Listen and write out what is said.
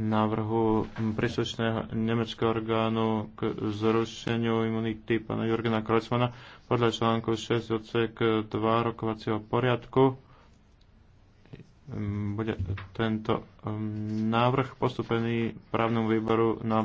návrhu príslušného nemeckého orgánu k zrušeniu imunity pána Jurgena Kreutzmana podľa článku 6 odsek 2 rokovacieho poriadku. Bude tento um, návrh postupený právnom výboru na